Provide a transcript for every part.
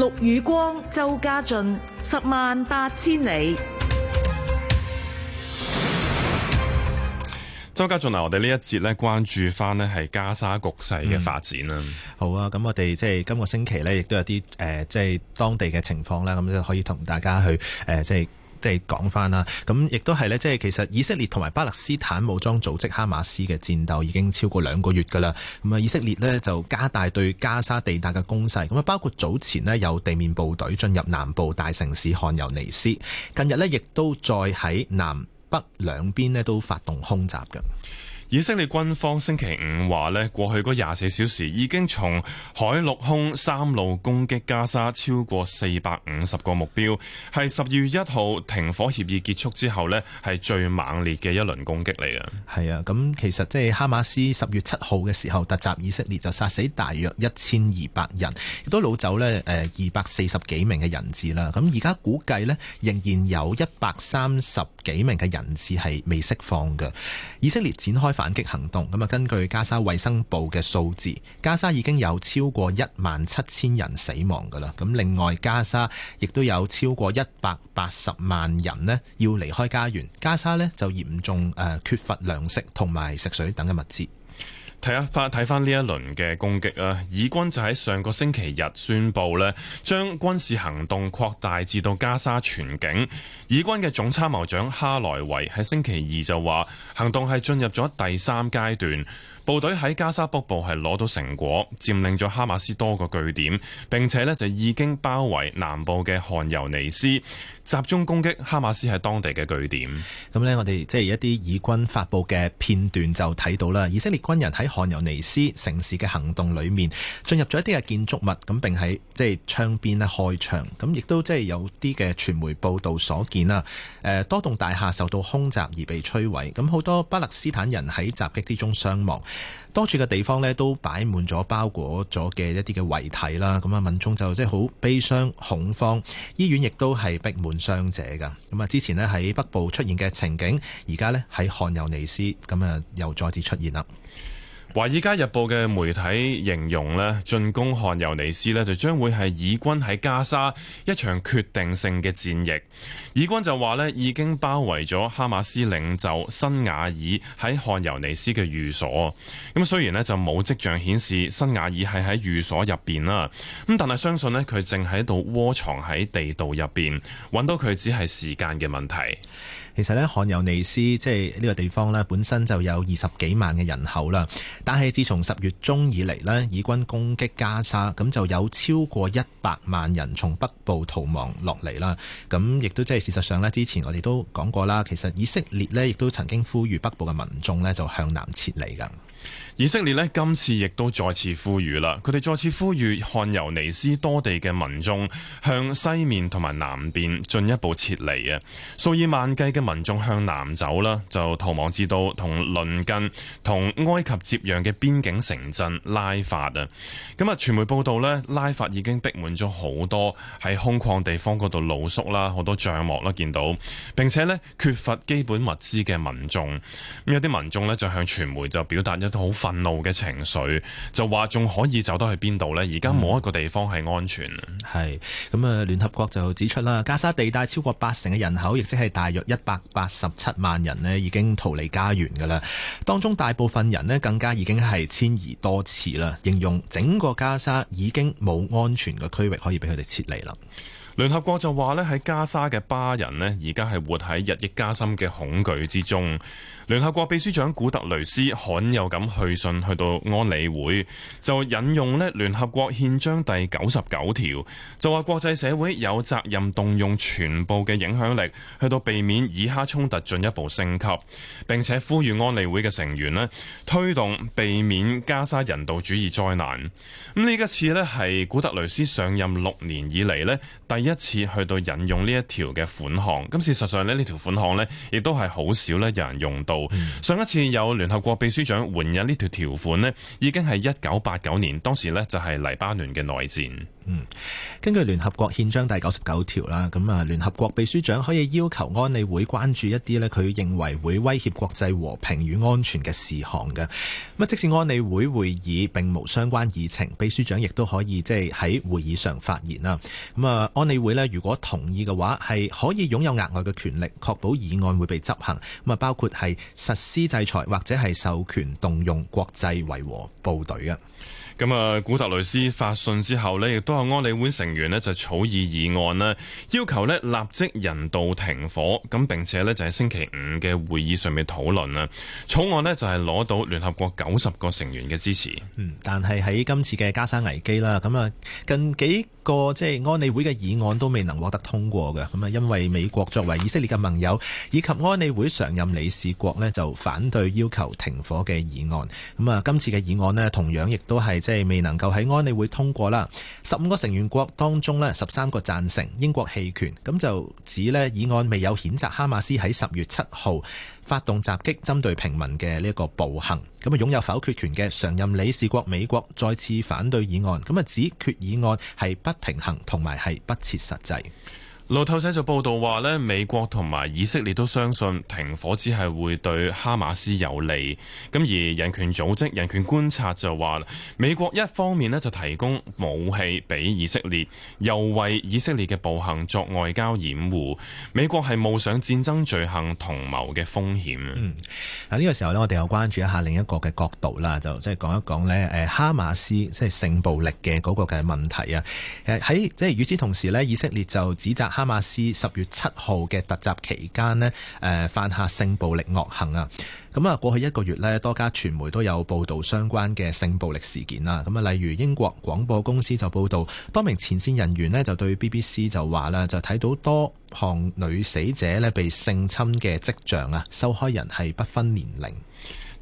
陸宇光、周家俊，十萬八千里。周家俊、啊、我哋呢一節咧關注翻咧係加沙局勢嘅發展啦、嗯。好啊，咁我哋即係今、這個星期呢，亦都有啲誒、呃，即係當地嘅情況啦，咁、嗯、就可以同大家去誒、呃，即係。即係講翻啦，咁亦都係咧，即係其實以色列同埋巴勒斯坦武裝組織哈馬斯嘅戰鬥已經超過兩個月㗎啦。咁啊，以色列呢就加大對加沙地帶嘅攻勢，咁啊，包括早前呢有地面部隊進入南部大城市汗尤尼斯，近日呢亦都再喺南北兩邊呢都發動空襲㗎。以色列軍方星期五話咧，過去嗰廿四小時已經從海陸空三路攻擊加沙超過四百五十個目標，係十二月一號停火協議結束之後呢係最猛烈嘅一輪攻擊嚟嘅。係啊，咁其實即係哈馬斯十月七號嘅時候突襲以色列，就殺死大約一千二百人，亦都攞走呢誒二百四十幾名嘅人質啦。咁而家估計呢，仍然有一百三十幾名嘅人質係未釋放嘅。以色列展開反擊行動咁啊。根據加沙衞生部嘅數字，加沙已經有超過一萬七千人死亡㗎啦。咁另外，加沙亦都有超過一百八十萬人咧要離開家園。加沙咧就嚴重誒缺乏糧食同埋食水等嘅物資。睇下翻睇翻呢一輪嘅攻擊啦，以軍就喺上個星期日宣布咧，將軍事行動擴大至到加沙全境。以軍嘅總參謀長哈萊維喺星期二就話，行動係進入咗第三階段。部隊喺加沙北部係攞到成果，佔領咗哈馬斯多個據點，並且呢就已經包圍南部嘅汗尤尼斯，集中攻擊哈馬斯喺當地嘅據點。咁呢，我哋即係一啲以軍發布嘅片段就睇到啦。以色列軍人喺汗尤尼斯城市嘅行動裏面，進入咗一啲嘅建築物，咁並喺即係窗邊呢開場，咁亦都即係有啲嘅傳媒報導所見啦。誒，多棟大廈受到空襲而被摧毀，咁好多巴勒斯坦人喺襲擊之中傷亡。多處嘅地方咧都擺滿咗包裹咗嘅一啲嘅遺體啦。咁啊，民眾就即係好悲傷、恐慌。醫院亦都係逼滿傷者㗎。咁啊，之前咧喺北部出現嘅情景，而家咧喺漢尤尼斯咁啊，又再次出現啦。《華爾街日報》嘅媒體形容咧，進攻漢尤尼斯咧就將會係以軍喺加沙一場決定性嘅戰役。以軍就話咧已經包圍咗哈馬斯領袖新雅爾喺漢尤尼斯嘅寓所。咁雖然咧就冇跡象顯示新雅爾係喺寓所入邊啦，咁但係相信咧佢正喺度窩藏喺地道入邊，揾到佢只係時間嘅問題。其實呢，漢尤尼斯即係呢個地方呢，本身就有二十幾萬嘅人口啦。但係自從十月中以嚟呢，以軍攻擊加沙，咁就有超過一百萬人從北部逃亡落嚟啦。咁亦都即係事實上呢，之前我哋都講過啦，其實以色列呢，亦都曾經呼籲北部嘅民眾呢，就向南撤離㗎。以色列呢，今次亦都再次呼籲啦，佢哋再次呼籲漢尤尼斯多地嘅民眾向西面同埋南邊進一步撤離啊！數以萬計嘅民眾向南走啦，就逃亡至到同鄰近同埃及接壤嘅邊境城鎮拉法啊！咁啊，傳媒報道咧，拉法已經逼滿咗好多喺空曠地方嗰度露宿啦，好多帳幕啦，見到並且咧缺乏基本物資嘅民眾，咁有啲民眾咧就向傳媒就表達一種好快。憤怒嘅情緒，就話仲可以走到去邊度呢？而家冇一個地方係安全。係咁啊！嗯、聯合國就指出啦，加沙地帶超過八成嘅人口，亦即係大約一百八十七萬人呢，已經逃離家園噶啦。當中大部分人呢，更加已經係遷移多次啦。形容整個加沙已經冇安全嘅區域可以俾佢哋撤離啦。聯合國就話咧，喺加沙嘅巴人呢，而家係活喺日益加深嘅恐懼之中。聯合國秘書長古特雷斯罕有咁去信去到安理會，就引用呢聯合國憲章第九十九條，就話國際社會有責任動用全部嘅影響力去到避免以哈衝突進一步升級，並且呼籲安理會嘅成員呢，推動避免加沙人道主義災難。咁呢一次呢，係古特雷斯上任六年以嚟呢，第一。一次去到引用呢一條嘅款項，咁事實上咧呢條款項咧，亦都係好少咧有人用到。嗯、上一次有聯合國秘書長援引呢條條款咧，已經係一九八九年，當時咧就係黎巴嫩嘅內戰。嗯。根據聯合國憲章第九十九條啦，咁啊聯合國秘書長可以要求安理會關注一啲咧佢認為會威脅國際和平與安全嘅事項嘅。咁啊，即使安理會會議並無相關議程，秘書長亦都可以即係喺會議上發言啦。咁啊，安。安理會呢，如果同意嘅話，係可以擁有額外嘅權力，確保議案會被執行。咁啊，包括係實施制裁或者係授權動用國際維和部隊啊。咁啊，古特雷斯發信之後呢，亦都有安理會成員呢就草擬議，議案啦，要求呢立即人道停火。咁並且呢就喺星期五嘅會議上面討論啦，草案呢，就係攞到聯合國九十個成員嘅支持。嗯，但係喺今次嘅加沙危機啦，咁啊，近幾個即係安理會嘅議案。案都未能獲得通過嘅。咁啊，因為美國作為以色列嘅盟友以及安理會常任理事國咧，就反對要求停火嘅議案。咁啊，今次嘅議案咧，同樣亦都係即係未能夠喺安理會通過啦。十五個成員國當中咧，十三個贊成，英國棄權，咁就指咧，議案未有譴責哈馬斯喺十月七號發動襲擊針對平民嘅呢個暴行。咁啊，擁有否決權嘅常任理事國美國再次反對議案，咁啊，指決議案係不平衡同埋係不切實際。路透社就報道話咧，美國同埋以色列都相信停火只係會對哈馬斯有利。咁而人權組織人權觀察就話美國一方面呢就提供武器俾以色列，又為以色列嘅暴行作外交掩護。美國係冒上戰爭罪行同謀嘅風險。嗯，啊、這、呢個時候呢我哋又關注一下另一個嘅角度啦，就即係講一講呢誒哈馬斯即係、就是、性暴力嘅嗰個嘅問題啊。誒喺即係與此同時呢以色列就指責。哈馬斯十月七號嘅突襲期間呢，誒犯下性暴力惡行啊！咁啊，過去一個月呢，多家傳媒都有報導相關嘅性暴力事件啦。咁啊，例如英國廣播公司就報導，多名前線人員呢，就對 BBC 就話啦，就睇到多項女死者呢，被性侵嘅跡象啊，受害人係不分年齡。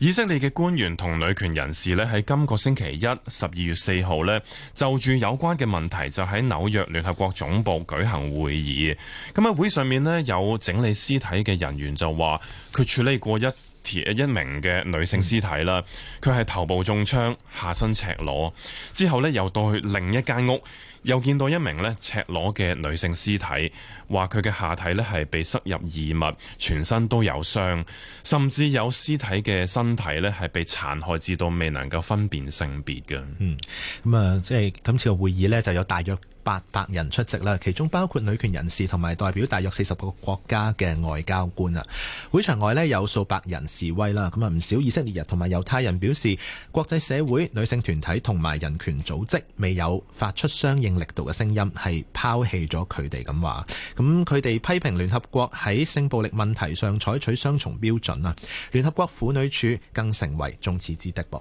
以色列嘅官員同女權人士呢，喺今個星期一十二月四號呢，就住有關嘅問題，就喺紐約聯合國總部舉行會議。咁喺會上面呢，有整理屍體嘅人員就話，佢處理過一條一名嘅女性屍體啦，佢係頭部中槍，下身赤裸，之後呢，又到去另一間屋。又見到一名咧赤裸嘅女性屍體，話佢嘅下體咧係被塞入異物，全身都有傷，甚至有屍體嘅身體咧係被殘害至到未能夠分辨性別嘅。嗯，咁啊，即係今次嘅會議呢，就有大約八百人出席啦，其中包括女權人士同埋代表大約四十個國家嘅外交官啊。會場外呢，有數百人示威啦，咁啊唔少以色列人同埋猶太人表示，國際社會、女性團體同埋人權組織未有發出相應力度嘅聲音，係拋棄咗佢哋咁話。咁佢哋批評聯合國喺性暴力問題上採取雙重標準啊，聯合國婦女處更成為眾矢之的噃。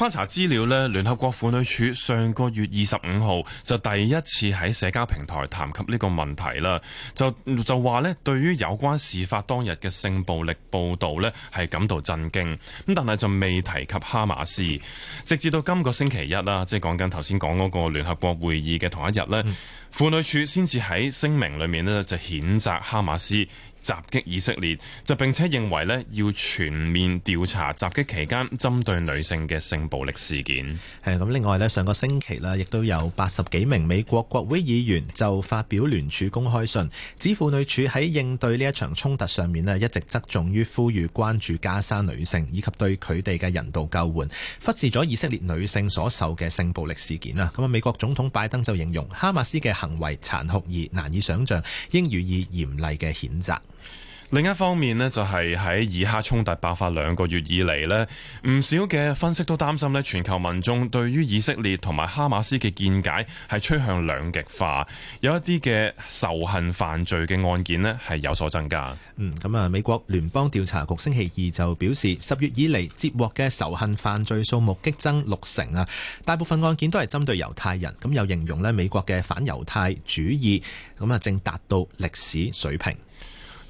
翻查資料呢，聯合國婦女署上個月二十五號就第一次喺社交平台談及呢個問題啦，就就話呢，對於有關事發當日嘅性暴力報導呢，係感到震驚，咁但係就未提及哈馬斯，直至到今個星期一啦，即係講緊頭先講嗰個聯合國會議嘅同一日呢，嗯，婦女署先至喺聲明裏面呢，就譴責哈馬斯。襲擊以色列，就並且認為咧要全面調查襲擊期間針對女性嘅性暴力事件。誒咁，另外咧上個星期啦，亦都有八十幾名美國國會議員就發表聯署公開信，指婦女署喺應對呢一場衝突上面咧一直側重於呼籲關注加沙女性以及對佢哋嘅人道救援，忽視咗以色列女性所受嘅性暴力事件啊。咁啊，美國總統拜登就形容哈馬斯嘅行為殘酷而難以想像，應予以嚴厲嘅譴責。另一方面呢就係喺以哈衝突爆發兩個月以嚟呢唔少嘅分析都擔心呢全球民眾對於以色列同埋哈馬斯嘅見解係趨向兩極化，有一啲嘅仇恨犯罪嘅案件咧係有所增加。嗯，咁啊，美國聯邦調查局星期二就表示，十月以嚟接獲嘅仇恨犯罪數目激增六成啊，大部分案件都係針對猶太人，咁又形容呢美國嘅反猶太主義咁啊，正達到歷史水平。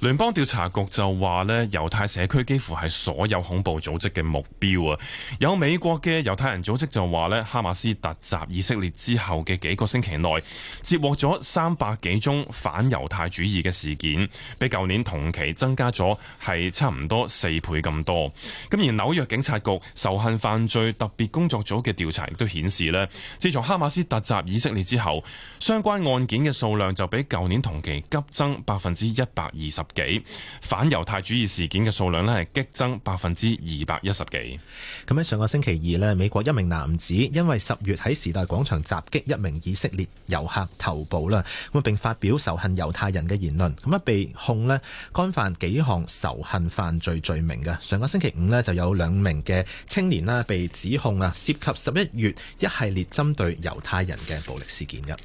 聯邦調查局就話呢，猶太社區幾乎係所有恐怖組織嘅目標啊！有美國嘅猶太人組織就話呢，哈馬斯突襲以色列之後嘅幾個星期內，接獲咗三百幾宗反猶太主義嘅事件，比舊年同期增加咗係差唔多四倍咁多。咁而紐約警察局仇恨犯罪特別工作組嘅調查亦都顯示呢，自從哈馬斯突襲以色列之後，相關案件嘅數量就比舊年同期急增百分之一百二十。幾反猶太主義事件嘅數量咧係激增百分之二百一十幾。咁喺上個星期二咧，美國一名男子因為十月喺時代廣場襲擊一名以色列遊客頭部啦，咁啊並發表仇恨猶太人嘅言論，咁啊被控咧干犯幾項仇恨犯罪罪名嘅。上個星期五咧就有兩名嘅青年啦被指控啊涉及十一月一系列針對猶太人嘅暴力事件嘅。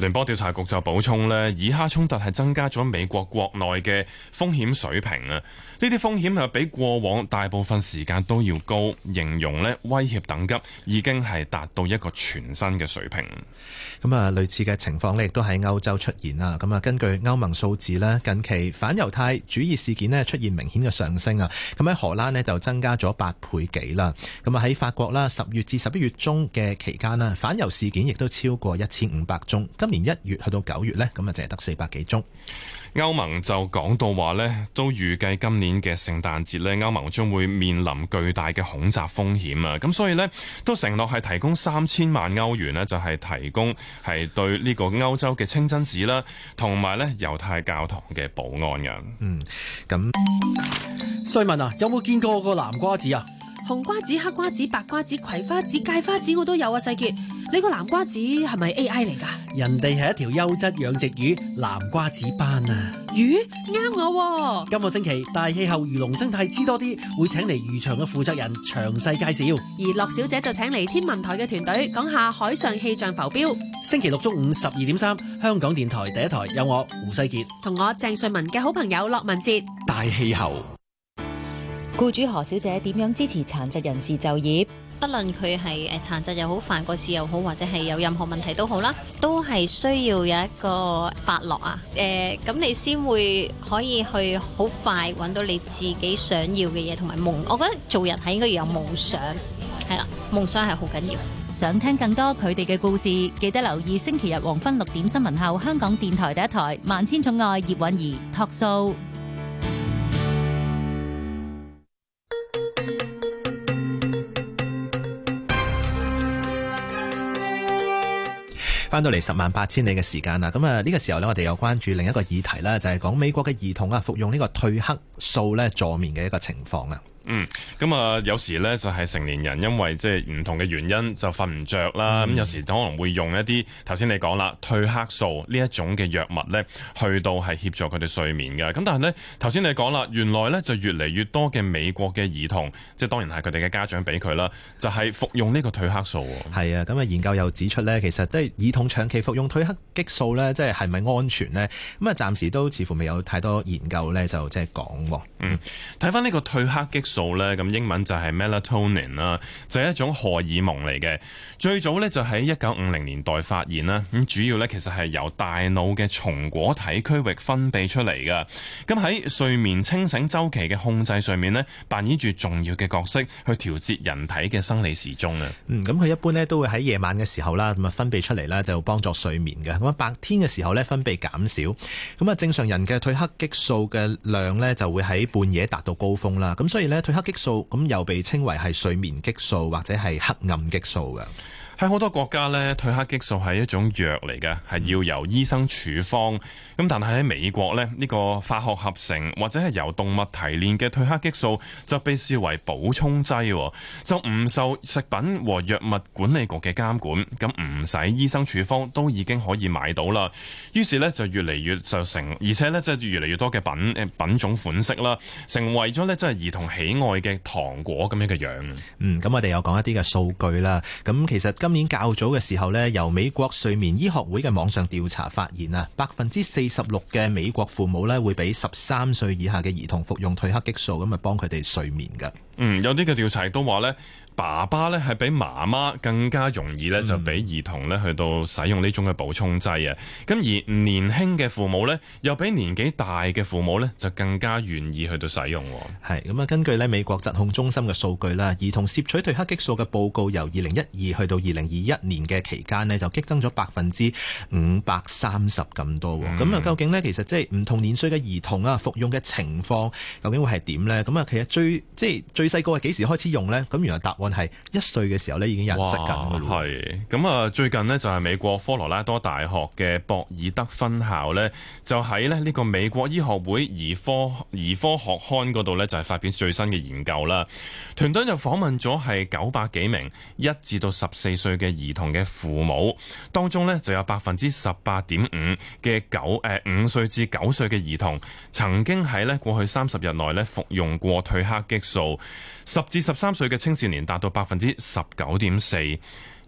聯邦調查局就補充咧，以哈衝突係增加咗美國國內嘅風險水平啊！呢啲風險係比過往大部分時間都要高，形容咧威脅等級已經係達到一個全新嘅水平。咁啊，類似嘅情況咧，亦都喺歐洲出現啊！咁啊，根據歐盟數字咧，近期反猶太主義事件咧出現明顯嘅上升啊！咁喺荷蘭咧就增加咗八倍幾啦。咁啊喺法國啦，十月至十一月中嘅期間啦，反猶事件亦都超過一千五百宗。年一月去到九月咧，咁啊淨係得四百幾宗。歐盟就講到話咧，都預計今年嘅聖誕節咧，歐盟將會面臨巨大嘅恐襲風險啊！咁所以咧都承諾係提供三千萬歐元呢，就係、是、提供係對呢個歐洲嘅清真寺啦，同埋咧猶太教堂嘅保安啊。嗯，咁瑞文啊，有冇見過個南瓜子啊？紅瓜子、黑瓜子、白瓜子、葵花籽、芥花籽，花子我都有啊！世杰，你個南瓜子係咪 AI 嚟噶？人哋係一條優質養殖魚，南瓜子斑啊！魚啱我、啊。今個星期大氣候魚龍生態知多啲，會請嚟漁場嘅負責人詳細介紹。而駱小姐就請嚟天文台嘅團隊講下海上氣象浮標。星期六中午十二點三，香港電台第一台有我胡世杰同我鄭瑞文嘅好朋友駱文哲。大氣候。雇主何小姐點樣支持殘疾人士就業？不論佢係誒殘疾又好，犯過事又好，或者係有任何問題都好啦，都係需要有一個發落啊！誒、呃，咁你先會可以去好快揾到你自己想要嘅嘢同埋夢。我覺得做人係應該要有夢想，係啦，夢想係好緊要。想聽更多佢哋嘅故事，記得留意星期日黃昏六點新聞後，香港電台第一台《萬千寵愛》葉韻儀 Talk Show。到嚟十萬八千里嘅時間啦，咁啊呢個時候咧，我哋又關注另一個議題啦，就係、是、講美國嘅兒童啊服用呢個褪黑素咧助眠嘅一個情況啊。嗯，咁啊，有時咧就係成年人因為即係唔同嘅原因就瞓唔着啦，咁、嗯、有時可能會用一啲頭先你講啦褪黑素呢一種嘅藥物咧，去到係協助佢哋睡眠嘅。咁但係咧頭先你講啦，原來咧就越嚟越多嘅美國嘅兒童，即係當然係佢哋嘅家長俾佢啦，就係、是、服用呢個褪黑素。係啊，咁啊研究又指出咧，其實即係兒童長期服用褪黑激素咧，即係係咪安全咧？咁啊暫時都似乎未有太多研究咧，就即係講。嗯，睇翻呢個褪黑激素。到呢咁英文就係 melatonin 啦，就係一種荷爾蒙嚟嘅。最早呢，就喺一九五零年代發現啦。咁主要呢，其實係由大腦嘅松果體區域分泌出嚟嘅。咁喺睡眠清醒周期嘅控制上面呢，扮演住重要嘅角色去調節人體嘅生理時鐘啊。嗯，咁佢一般呢，都會喺夜晚嘅時候啦，咁啊分泌出嚟啦，就幫助睡眠嘅。咁啊白天嘅時候呢，分泌減少。咁啊正常人嘅褪黑激素嘅量呢，就會喺半夜達到高峰啦。咁所以呢。褪黑激素咁又被稱為係睡眠激素或者係黑暗激素嘅。喺好多國家呢，褪黑激素係一種藥嚟嘅，係要由醫生處方。咁但係喺美國呢，呢個化學合成或者係由動物提煉嘅褪黑激素就被視為補充劑，就唔受食品和藥物管理局嘅監管，咁唔使醫生處方都已經可以買到啦。於是呢就越嚟越就成，而且呢即係越嚟越多嘅品、誒品種款式啦，成為咗呢即係兒童喜愛嘅糖果咁樣嘅樣。嗯，咁我哋有講一啲嘅數據啦。咁其實今今年較早嘅時候咧，由美國睡眠醫學會嘅網上調查發現啊，百分之四十六嘅美國父母咧會俾十三歲以下嘅兒童服用褪黑激素，咁啊幫佢哋睡眠㗎。嗯，有啲嘅調查都話咧。爸爸咧係比媽媽更加容易咧就俾兒童咧去到使用呢種嘅補充劑啊，咁、嗯、而年輕嘅父母呢，又比年紀大嘅父母呢，就更加願意去到使用。係咁啊，根據呢美國疾控中心嘅數據啦，兒童攝取褪黑激素嘅報告由二零一二去到二零二一年嘅期間呢，就激增咗百分之五百三十咁多。咁啊、嗯，究竟呢，其實即係唔同年歲嘅兒童啊服用嘅情況究竟會係點呢？咁啊，其實最即係最細個係幾時開始用呢？咁原來答案。係一歲嘅時候咧，已經認識噶係咁啊！最近呢，就係美國科羅拉多大學嘅博爾德分校呢，就喺咧呢個美國醫學會兒科兒科學刊嗰度呢就係發表最新嘅研究啦。團隊就訪問咗係九百幾名一至到十四歲嘅兒童嘅父母，當中呢，就有百分之十八點五嘅九誒五歲至九歲嘅兒童曾經喺咧過去三十日內咧服用過褪黑激素。十至十三歲嘅青少年。達到百分之十九點四。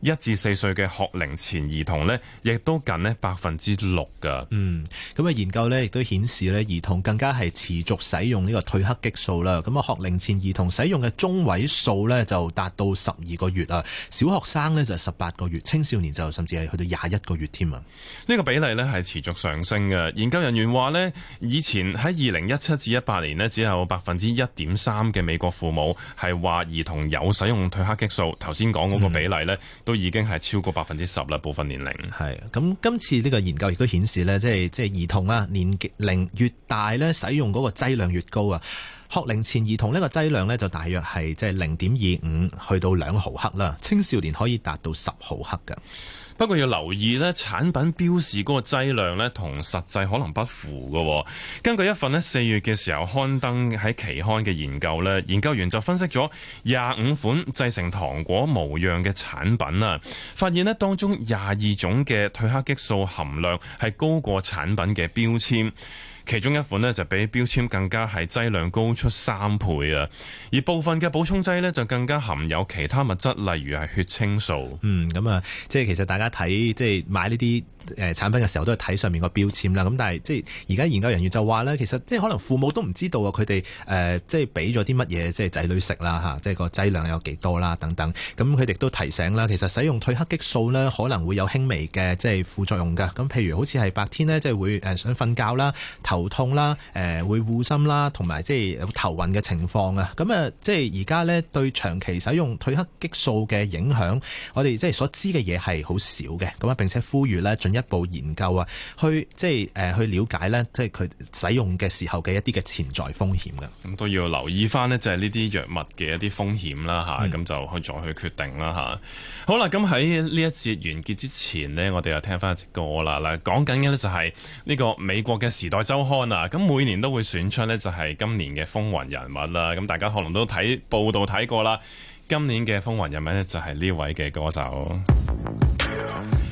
一至四歲嘅學齡前兒童呢，亦都近呢百分之六噶。嗯，咁啊研究呢，亦都顯示呢兒童更加係持續使用呢個褪黑激素啦。咁啊，學齡前兒童使用嘅中位數呢，就達到十二個月啊。小學生呢，就十八個月，青少年就甚至係去到廿一個月添啊。呢個比例呢，係持續上升嘅。研究人員話呢，以前喺二零一七至一八年呢，只有百分之一點三嘅美國父母係話兒童有使用褪黑激素。頭先講嗰個比例呢，都、嗯。都已經係超過百分之十啦，部分年齡係咁。今次呢個研究亦都顯示呢，即係即係兒童啊，年齡越大呢使用嗰個劑量越高啊。學齡前兒童呢個劑量呢，就大約係即係零點二五去到兩毫克啦，青少年可以達到十毫克㗎。不過要留意咧，產品標示嗰個劑量咧，同實際可能不符喎。根據一份呢四月嘅時候刊登喺《期刊》嘅研究咧，研究員就分析咗廿五款製成糖果模樣嘅產品啊，發現呢當中廿二種嘅褪黑激素含量係高過產品嘅標籤。其中一款呢，就比標籤更加係劑量高出三倍啊。而部分嘅補充劑呢，就更加含有其他物質，例如係血清素。嗯，咁啊，即係其實大家睇，即係買呢啲誒產品嘅時候都係睇上面個標籤啦，咁但係即係而家研究人員就話咧，其實即係可能父母都唔知道啊，佢哋誒即係俾咗啲乜嘢即係仔女食啦嚇，即係個劑量有幾多啦等等，咁佢哋都提醒啦，其實使用褪黑激素咧可能會有輕微嘅即係副作用㗎，咁譬如好似係白天咧即係會誒想瞓覺啦、頭痛啦、誒會護心啦同埋即係有頭暈嘅情況啊，咁啊即係而家咧對長期使用褪黑激素嘅影響，我哋即係所知嘅嘢係好少嘅，咁啊並且呼籲咧一步研究啊，去即係誒、呃、去了解呢，即係佢使用嘅時候嘅一啲嘅潛在風險噶。咁都要留意翻呢，嗯、就係呢啲藥物嘅一啲風險啦，吓，咁就去再去決定啦，吓。好啦，咁喺呢一節完結之前呢，我哋又聽翻一隻歌啦。嗱，講緊嘅呢，就係呢個美國嘅《時代周刊》啊，咁每年都會選出呢，就係今年嘅風雲人物啦。咁大家可能都睇報道睇過啦，今年嘅風雲人物呢，就係呢位嘅歌手。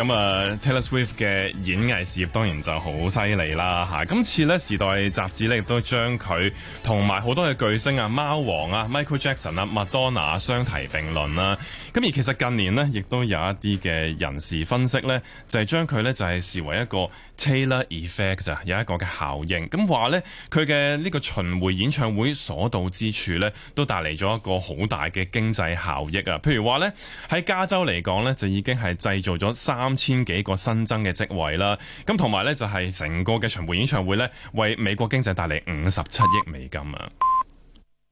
咁啊，uh，Taylor Swift 嘅演藝事業當然就好犀利啦，吓今次咧，《時代》雜誌咧亦都將佢同埋好多嘅巨星啊、貓王啊、Michael Jackson 啊、麥當娜相提並論啦、啊。咁而其實近年咧，亦都有一啲嘅人士分析咧，就係將佢咧就係視為一個 Taylor Effect 咋，有一個嘅效應，咁話咧，佢嘅呢個巡回演唱會所到之處咧，都帶嚟咗一個好大嘅經濟效益啊。譬如話咧，喺加州嚟講咧，就已經係製造咗三三千幾個新增嘅職位啦，咁同埋咧就係成個嘅巡迴演唱會咧，為美國經濟帶嚟五十七億美金啊！